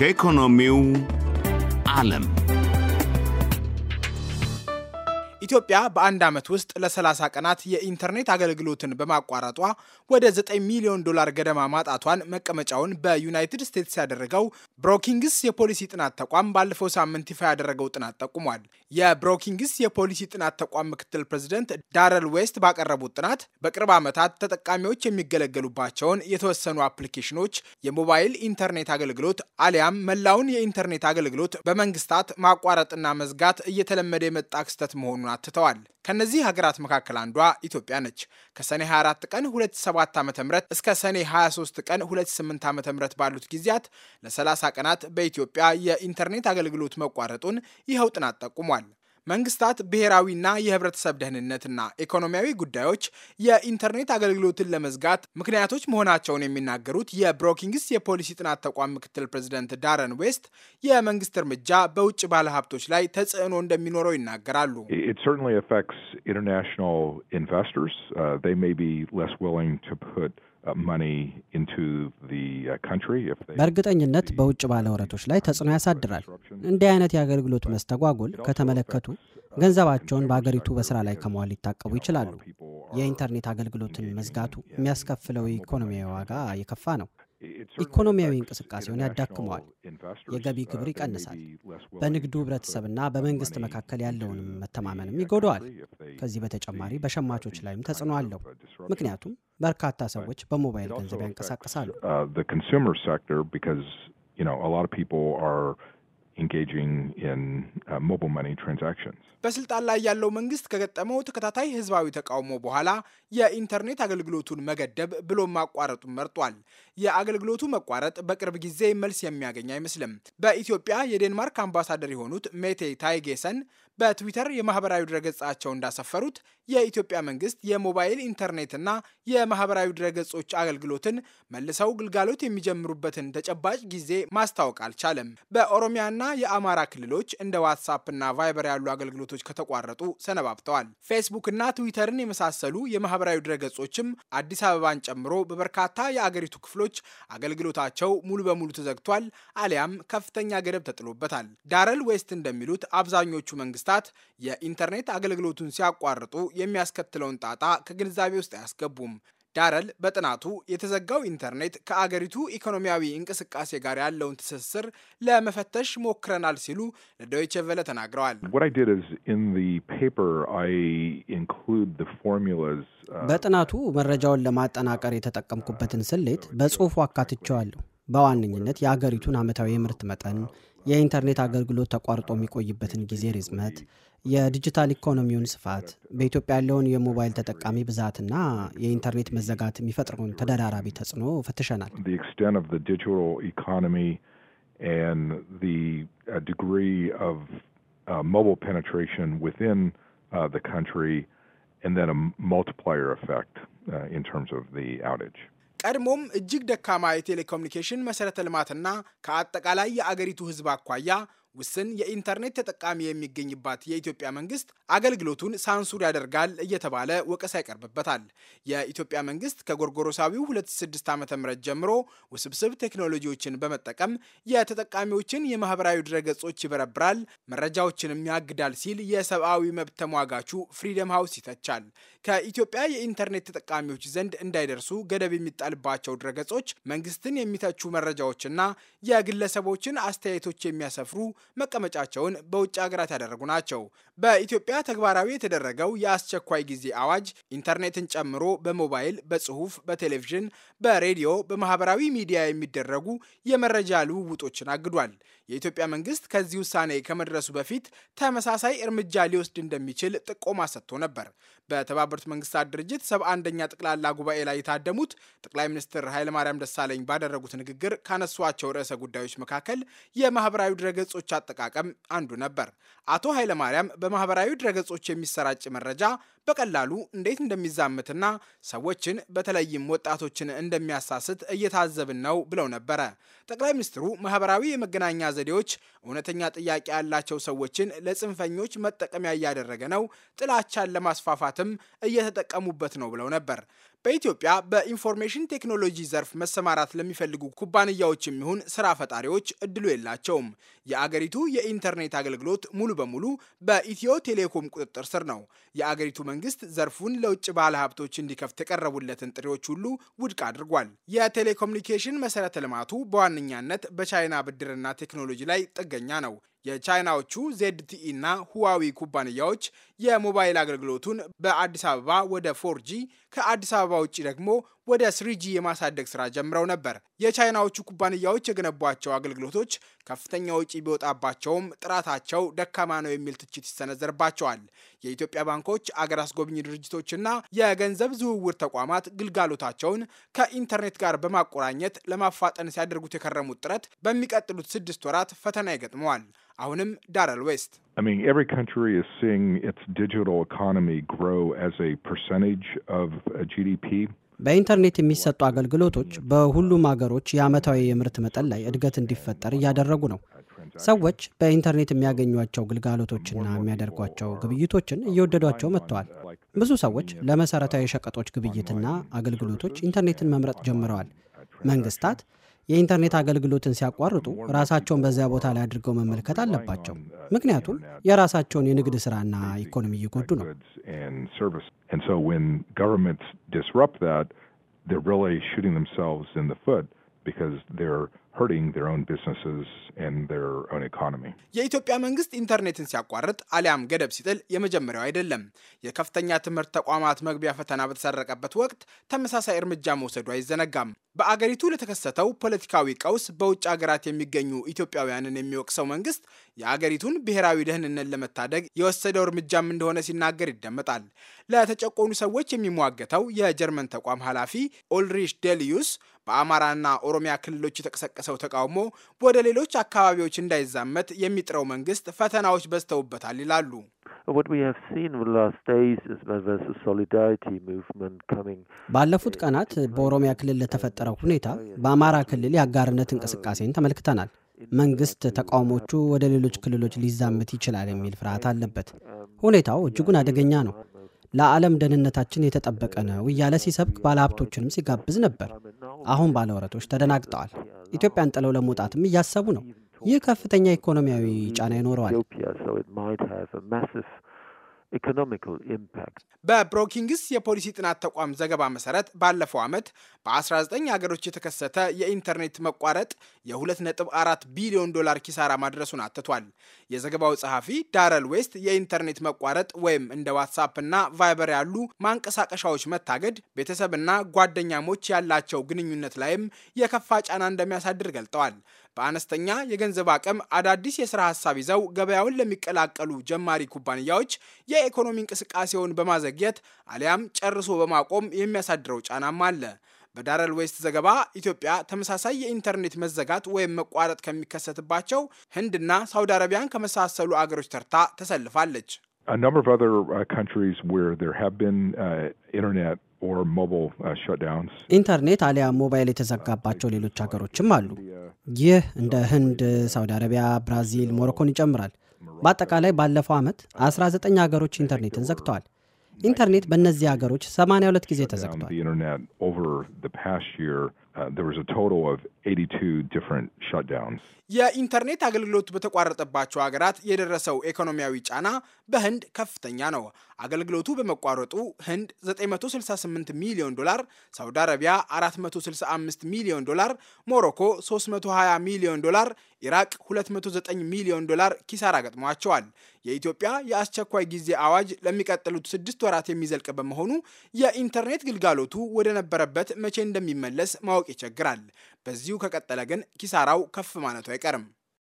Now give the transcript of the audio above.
ከኢኮኖሚው ዓለም ኢትዮጵያ በአንድ ዓመት ውስጥ ለ30 ቀናት የኢንተርኔት አገልግሎትን በማቋረጧ ወደ 9 ሚሊዮን ዶላር ገደማ ማጣቷን መቀመጫውን በዩናይትድ ስቴትስ ያደረገው ብሮኪንግስ የፖሊሲ ጥናት ተቋም ባለፈው ሳምንት ይፋ ያደረገው ጥናት ጠቁሟል። የብሮኪንግስ የፖሊሲ ጥናት ተቋም ምክትል ፕሬዚደንት ዳረል ዌስት ባቀረቡት ጥናት በቅርብ ዓመታት ተጠቃሚዎች የሚገለገሉባቸውን የተወሰኑ አፕሊኬሽኖች የሞባይል ኢንተርኔት አገልግሎት አሊያም መላውን የኢንተርኔት አገልግሎት በመንግስታት ማቋረጥና መዝጋት እየተለመደ የመጣ ክስተት መሆኑን አትተዋል። ከነዚህ ሀገራት መካከል አንዷ ኢትዮጵያ ነች። ከሰኔ 24 ቀን 27 ዓ ም እስከ ሰኔ 23 ቀን 28 ዓ ም ባሉት ጊዜያት ለ30 ቀናት በኢትዮጵያ የኢንተርኔት አገልግሎት መቋረጡን ይኸው ጥናት ጠቁሟል። መንግስታት ብሔራዊና የህብረተሰብ ደህንነትና ኢኮኖሚያዊ ጉዳዮች የኢንተርኔት አገልግሎትን ለመዝጋት ምክንያቶች መሆናቸውን የሚናገሩት የብሮኪንግስ የፖሊሲ ጥናት ተቋም ምክትል ፕሬዚደንት ዳረን ዌስት የመንግስት እርምጃ በውጭ ባለሀብቶች ላይ ተጽዕኖ እንደሚኖረው ይናገራሉ። ኢንተርናሽናል ኢንቨስተርስ Uh, uh, በእርግጠኝነት በውጭ ባለውረቶች ላይ ተጽዕኖ ያሳድራል። እንዲህ አይነት የአገልግሎት መስተጓጎል ከተመለከቱ uh, ገንዘባቸውን በአገሪቱ በስራ ላይ ከመዋል ሊታቀቡ ይችላሉ። የኢንተርኔት አገልግሎትን መዝጋቱ የሚያስከፍለው የኢኮኖሚያዊ ዋጋ የከፋ ነው። ኢኮኖሚያዊ እንቅስቃሴውን ያዳክመዋል። የገቢ ግብር ይቀንሳል። በንግዱ ህብረተሰብና በመንግስት መካከል ያለውንም መተማመንም ይጎደዋል። ከዚህ በተጨማሪ በሸማቾች ላይም ተጽዕኖ አለው። ምክንያቱም በርካታ ሰዎች በሞባይል ገንዘብ ያንቀሳቅሳሉ። uh, uh, በስልጣን ላይ ያለው መንግስት ከገጠመው ተከታታይ ህዝባዊ ተቃውሞ በኋላ የኢንተርኔት አገልግሎቱን መገደብ ብሎም ማቋረጡን መርጧል። የአገልግሎቱ መቋረጥ በቅርብ ጊዜ መልስ የሚያገኝ አይመስልም። በኢትዮጵያ የዴንማርክ አምባሳደር የሆኑት ሜቴ ታይጌሰን በትዊተር የማህበራዊ ድረገጻቸው እንዳሰፈሩት የኢትዮጵያ መንግስት የሞባይል ኢንተርኔትና የማህበራዊ ድረገጾች አገልግሎትን መልሰው ግልጋሎት የሚጀምሩበትን ተጨባጭ ጊዜ ማስታወቅ አልቻለም። በኦሮሚያና የአማራ ክልሎች እንደ ዋትሳፕና ቫይበር ያሉ አገልግሎቶች ከተቋረጡ ሰነባብተዋል። ፌስቡክና ትዊተርን የመሳሰሉ የማህበራዊ ድረገጾችም አዲስ አበባን ጨምሮ በበርካታ የአገሪቱ ክፍሎች አገልግሎታቸው ሙሉ በሙሉ ተዘግቷል፣ አሊያም ከፍተኛ ገደብ ተጥሎበታል። ዳረል ዌስት እንደሚሉት አብዛኞቹ መንግስት መንግስታት የኢንተርኔት አገልግሎቱን ሲያቋርጡ የሚያስከትለውን ጣጣ ከግንዛቤ ውስጥ አያስገቡም። ዳረል በጥናቱ የተዘጋው ኢንተርኔት ከአገሪቱ ኢኮኖሚያዊ እንቅስቃሴ ጋር ያለውን ትስስር ለመፈተሽ ሞክረናል ሲሉ ለዶይቼ ቬለ ተናግረዋል። uh, በጥናቱ መረጃውን ለማጠናቀር የተጠቀምኩበትን ስሌት በጽሁፉ አካትቸዋለሁ። በዋነኝነት የአገሪቱን ዓመታዊ የምርት መጠን የኢንተርኔት አገልግሎት ተቋርጦ የሚቆይበትን ጊዜ ርዝመት፣ የዲጂታል ኢኮኖሚውን ስፋት፣ በኢትዮጵያ ያለውን የሞባይል ተጠቃሚ ብዛትና የኢንተርኔት መዘጋት የሚፈጥረውን ተደራራቢ ተጽዕኖ ፈትሸናል። and then a multiplier effect uh, in terms of the outage. ቀድሞም እጅግ ደካማ የቴሌኮሙኒኬሽን መሰረተ ልማትና ከአጠቃላይ የአገሪቱ ሕዝብ አኳያ ውስን የኢንተርኔት ተጠቃሚ የሚገኝባት የኢትዮጵያ መንግስት አገልግሎቱን ሳንሱር ያደርጋል እየተባለ ወቀሳ ይቀርብበታል። የኢትዮጵያ መንግስት ከጎርጎሮሳዊው ዓ ም ጀምሮ ውስብስብ ቴክኖሎጂዎችን በመጠቀም የተጠቃሚዎችን የማህበራዊ ድረገጾች ይበረብራል፣ መረጃዎችንም ያግዳል ሲል የሰብአዊ መብት ተሟጋቹ ፍሪደም ሃውስ ይተቻል። ከኢትዮጵያ የኢንተርኔት ተጠቃሚዎች ዘንድ እንዳይደርሱ ገደብ የሚጣልባቸው ድረገጾች መንግስትን የሚተቹ መረጃዎችና የግለሰቦችን አስተያየቶች የሚያሰፍሩ መቀመጫቸውን በውጭ ሀገራት ያደረጉ ናቸው። በኢትዮጵያ ተግባራዊ የተደረገው የአስቸኳይ ጊዜ አዋጅ ኢንተርኔትን ጨምሮ በሞባይል፣ በጽሁፍ፣ በቴሌቪዥን፣ በሬዲዮ፣ በማህበራዊ ሚዲያ የሚደረጉ የመረጃ ልውውጦችን አግዷል። የኢትዮጵያ መንግስት ከዚህ ውሳኔ ከመድረሱ በፊት ተመሳሳይ እርምጃ ሊወስድ እንደሚችል ጥቆማ ሰጥቶ ነበር። በተባበሩት መንግስታት ድርጅት ሰባ አንደኛ ጠቅላላ ጉባኤ ላይ የታደሙት ጠቅላይ ሚኒስትር ኃይለማርያም ደሳለኝ ባደረጉት ንግግር ካነሷቸው ርዕሰ ጉዳዮች መካከል የማህበራዊ ድረገጾች ድረገጾች አጠቃቀም አንዱ ነበር። አቶ ኃይለማርያም በማህበራዊ ድረገጾች የሚሰራጭ መረጃ በቀላሉ እንዴት እንደሚዛምትና ሰዎችን በተለይም ወጣቶችን እንደሚያሳስት እየታዘብን ነው ብለው ነበረ። ጠቅላይ ሚኒስትሩ ማህበራዊ የመገናኛ ዘዴዎች እውነተኛ ጥያቄ ያላቸው ሰዎችን ለጽንፈኞች መጠቀሚያ እያደረገ ነው፣ ጥላቻን ለማስፋፋትም እየተጠቀሙበት ነው ብለው ነበር። በኢትዮጵያ በኢንፎርሜሽን ቴክኖሎጂ ዘርፍ መሰማራት ለሚፈልጉ ኩባንያዎችም ይሁን ስራ ፈጣሪዎች እድሉ የላቸውም። የአገሪቱ የኢንተርኔት አገልግሎት ሙሉ በሙሉ በኢትዮ ቴሌኮም ቁጥጥር ስር ነው። የአገሪቱ መንግስት ዘርፉን ለውጭ ባለ ሀብቶች እንዲከፍት የቀረቡለትን ጥሪዎች ሁሉ ውድቅ አድርጓል። የቴሌኮሙኒኬሽን መሰረተ ልማቱ በዋነኛነት በቻይና ብድርና ቴክኖሎጂ ላይ ጥገኛ ነው። የቻይናዎቹ ዜድቲኢ እና ሁዋዊ ኩባንያዎች የሞባይል አገልግሎቱን በአዲስ አበባ ወደ ፎርጂ ከአዲስ አበባ ውጭ ደግሞ ወደ ስሪጂ የማሳደግ ስራ ጀምረው ነበር። የቻይናዎቹ ኩባንያዎች የገነቧቸው አገልግሎቶች ከፍተኛ ውጪ ቢወጣባቸውም ጥራታቸው ደካማ ነው የሚል ትችት ይሰነዘርባቸዋል። የኢትዮጵያ ባንኮች፣ አገር አስጎብኝ ድርጅቶችና የገንዘብ ዝውውር ተቋማት ግልጋሎታቸውን ከኢንተርኔት ጋር በማቆራኘት ለማፋጠን ሲያደርጉት የከረሙት ጥረት በሚቀጥሉት ስድስት ወራት ፈተና ይገጥመዋል። አሁንም ዳረል ዌስት I mean, every country is seeing its digital economy grow as a percentage of uh, GDP. በኢንተርኔት የሚሰጡ አገልግሎቶች በሁሉም አገሮች የዓመታዊ የምርት መጠን ላይ እድገት እንዲፈጠር እያደረጉ ነው። ሰዎች በኢንተርኔት የሚያገኟቸው ግልጋሎቶችና የሚያደርጓቸው ግብይቶችን እየወደዷቸው መጥተዋል። ብዙ ሰዎች ለመሠረታዊ የሸቀጦች ግብይትና አገልግሎቶች ኢንተርኔትን መምረጥ ጀምረዋል። መንግስታት የኢንተርኔት አገልግሎትን ሲያቋርጡ ራሳቸውን በዚያ ቦታ ላይ አድርገው መመልከት አለባቸው። ምክንያቱም የራሳቸውን የንግድ ሥራና ኢኮኖሚ እየጎዱ ነው። የኢትዮጵያ መንግስት ኢንተርኔትን ሲያቋርጥ አሊያም ገደብ ሲጥል የመጀመሪያው አይደለም። የከፍተኛ ትምህርት ተቋማት መግቢያ ፈተና በተሰረቀበት ወቅት ተመሳሳይ እርምጃ መውሰዱ አይዘነጋም። በአገሪቱ ለተከሰተው ፖለቲካዊ ቀውስ በውጭ አገራት የሚገኙ ኢትዮጵያውያንን የሚወቅሰው መንግስት የአገሪቱን ብሔራዊ ደህንነት ለመታደግ የወሰደው እርምጃም እንደሆነ ሲናገር ይደመጣል። ለተጨቆኑ ሰዎች የሚሟገተው የጀርመን ተቋም ኃላፊ ኦልሪሽ ዴልዩስ በአማራና ኦሮሚያ ክልሎች የተቀሰቀሰው ተቃውሞ ወደ ሌሎች አካባቢዎች እንዳይዛመት የሚጥረው መንግስት ፈተናዎች በዝተውበታል ይላሉ። ባለፉት ቀናት በኦሮሚያ ክልል ለተፈጠ በተፈጠረው ሁኔታ በአማራ ክልል የአጋርነት እንቅስቃሴን ተመልክተናል። መንግስት ተቃውሞቹ ወደ ሌሎች ክልሎች ሊዛመት ይችላል የሚል ፍርሃት አለበት። ሁኔታው እጅጉን አደገኛ ነው፣ ለዓለም ደህንነታችን የተጠበቀ ነው እያለ ሲሰብክ ባለሀብቶችንም ሲጋብዝ ነበር። አሁን ባለወረቶች ተደናግጠዋል። ኢትዮጵያን ጥለው ለመውጣትም እያሰቡ ነው። ይህ ከፍተኛ ኢኮኖሚያዊ ጫና ይኖረዋል። በብሮኪንግስ የፖሊሲ ጥናት ተቋም ዘገባ መሰረት ባለፈው ዓመት በ19 ሀገሮች የተከሰተ የኢንተርኔት መቋረጥ የ2.4 ቢሊዮን ዶላር ኪሳራ ማድረሱን አትቷል። የዘገባው ጸሐፊ ዳረል ዌስት የኢንተርኔት መቋረጥ ወይም እንደ ዋትሳፕ እና ቫይበር ያሉ ማንቀሳቀሻዎች መታገድ ቤተሰብና ጓደኛሞች ያላቸው ግንኙነት ላይም የከፋ ጫና እንደሚያሳድር ገልጠዋል። በአነስተኛ የገንዘብ አቅም አዳዲስ የስራ ሀሳብ ይዘው ገበያውን ለሚቀላቀሉ ጀማሪ ኩባንያዎች የኢኮኖሚ እንቅስቃሴውን በማዘግየት አሊያም ጨርሶ በማቆም የሚያሳድረው ጫናም አለ። በዳረል ዌስት ዘገባ ኢትዮጵያ ተመሳሳይ የኢንተርኔት መዘጋት ወይም መቋረጥ ከሚከሰትባቸው ህንድና ሳውዲ አረቢያን ከመሳሰሉ አገሮች ተርታ ተሰልፋለች። uh, uh, uh, ኢንተርኔት አሊያ ሞባይል የተዘጋባቸው ሌሎች ሀገሮችም አሉ። ይህ እንደ ህንድ፣ ሳውዲ አረቢያ፣ ብራዚል፣ ሞሮኮን ይጨምራል። በአጠቃላይ ባለፈው ዓመት 19 ሀገሮች ኢንተርኔትን ዘግተዋል። ኢንተርኔት በእነዚህ ሀገሮች 82 ጊዜ ተዘግቷል። Uh, የኢንተርኔት አገልግሎት በተቋረጠባቸው ሀገራት የደረሰው ኢኮኖሚያዊ ጫና በህንድ ከፍተኛ ነው። አገልግሎቱ በመቋረጡ ህንድ 968 ሚሊዮን ዶላር፣ ሳውዲ አረቢያ 465 ሚሊዮን ዶላር፣ ሞሮኮ 320 ሚሊዮን ዶላር ኢራቅ 209 ሚሊዮን ዶላር ኪሳራ ገጥሟቸዋል። የኢትዮጵያ የአስቸኳይ ጊዜ አዋጅ ለሚቀጥሉት ስድስት ወራት የሚዘልቅ በመሆኑ የኢንተርኔት ግልጋሎቱ ወደ ነበረበት መቼ እንደሚመለስ ማወቅ ይቸግራል። በዚሁ ከቀጠለ ግን ኪሳራው ከፍ ማለቱ አይቀርም።